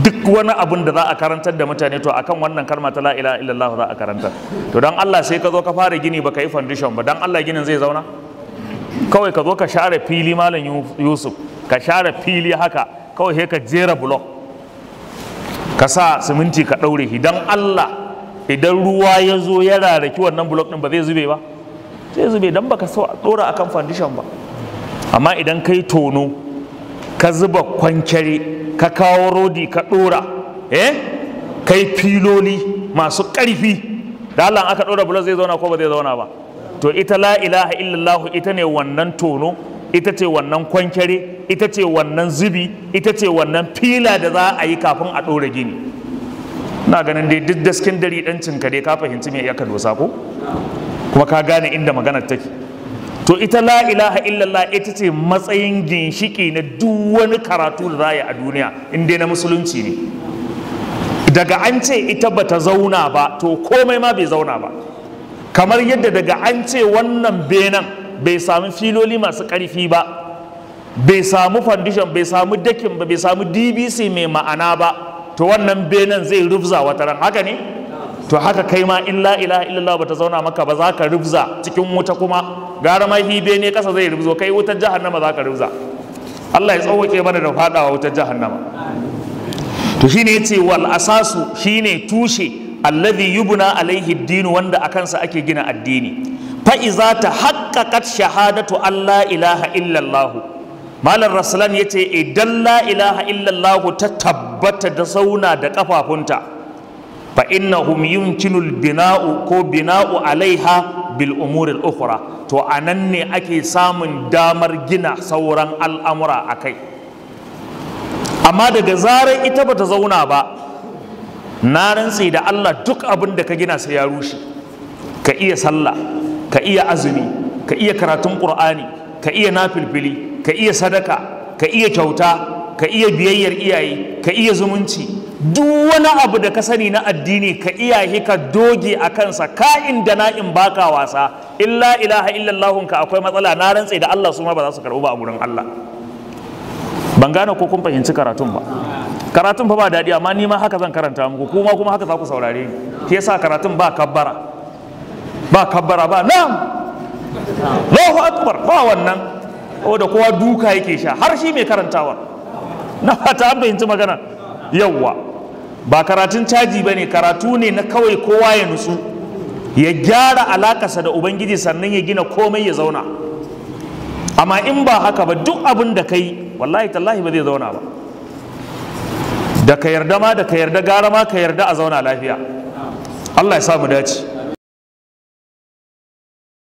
duk wani abun da za a karantar da mutane to akan wannan kalma ta la ilaha illallah za a karanta to dan Allah sai ka zo ka fara gini baka yi foundation ba dan Allah ginin zai zauna kawai ka zo ka share fili malam Yusuf ka share fili haka kawai sai ka jera block ka sa siminti ka daure shi dan Allah idan ruwa ya zo ya raraki wannan block din ba zai zube ba zai zube dan baka so a dora akan foundation ba amma idan kai tono ka zuba kwankere ka kawo rodi ka ɗora eh kai filoli masu ƙarfi da Allah aka ɗora bulo zai zauna ko ba zai zauna ba to ita la ilaha illallah ita ne wannan tono ita ce wannan kwankere ita ce wannan zubi ita ce wannan fila da za a yi kafin a ɗora gini na ganin dai duk daskin dari ɗancin ka dai ka fahimci me ya ka dosa ko kuma ka gane inda maganar take to ita la ilaha illallah ita ce matsayin ginshiki na duk wani karatu da za a duniya in dai na musulunci ne daga an ce ita bata zauna ba to komai ma bai zauna ba kamar yadda daga an ce wannan benan bai sami filoli masu karfi ba bai samu foundation bai samu dakin ba bai samu dbc mai ma'ana ba to wannan benan zai rufza ran haka ne to haka kai ma illa ilaha illallah bata zauna maka ba za ka rubza cikin wuta kuma gara ma hibe ne kasa zai rubzo kai wutar jahannama za ka rubza Allah ya tsawoke mana da fadawa wutar jahannama to shine yace wal asasu shine tushe alladhi yubna alaihi dinu wanda akansa ake gina addini fa iza ta haqqaqat shahadatu Allah ilaha illallah malam raslan yace idan la ilaha illallah ta tabbata da zauna da kafafunta fa innahum cinul bina'u ko bina'u alaiha bil umuri al-ukhra to anan ne ake samun damar gina sauran al'amura a kai? amma daga zarar ita bata zauna ba na rantse da Allah duk abin da ka gina sai ya rushe ka iya sallah ka iya azumi ka iya karatun qur'ani ka iya nafilfili ka iya sadaka ka iya kyauta ka iya biyayyar iyaye ka iya zumunci duk wani abu da ka sani na addini ka iyaye ka doge a kansa ka'in da na'in baka wasa illa ilaha illallahun ka akwai matsala na rantse da Allah su ma ba za su karɓi ba a gurin Allah ban gane ko kun fahimci karatun ba karatun fa ba daɗi amma ni ma haka zan karanta muku kuma kuma haka za ku saurare ni ke sa karatun ba kabbara ba kabbara ba na Allahu akbar ba wannan o da kowa duka yake sha har shi mai karantawa na fata an fahimci magana yawwa ba karatun caji ba ne karatu ne na kawai kowa ya nutsu ya gyara alakasa da ubangiji sannan ya gina komai ya zauna amma in ba haka ba duk abin da kai wallahi tallahi ba zai zauna ba da ka yarda ma da ka yarda gara ma ka yarda a zauna lafiya Allah ya samu dace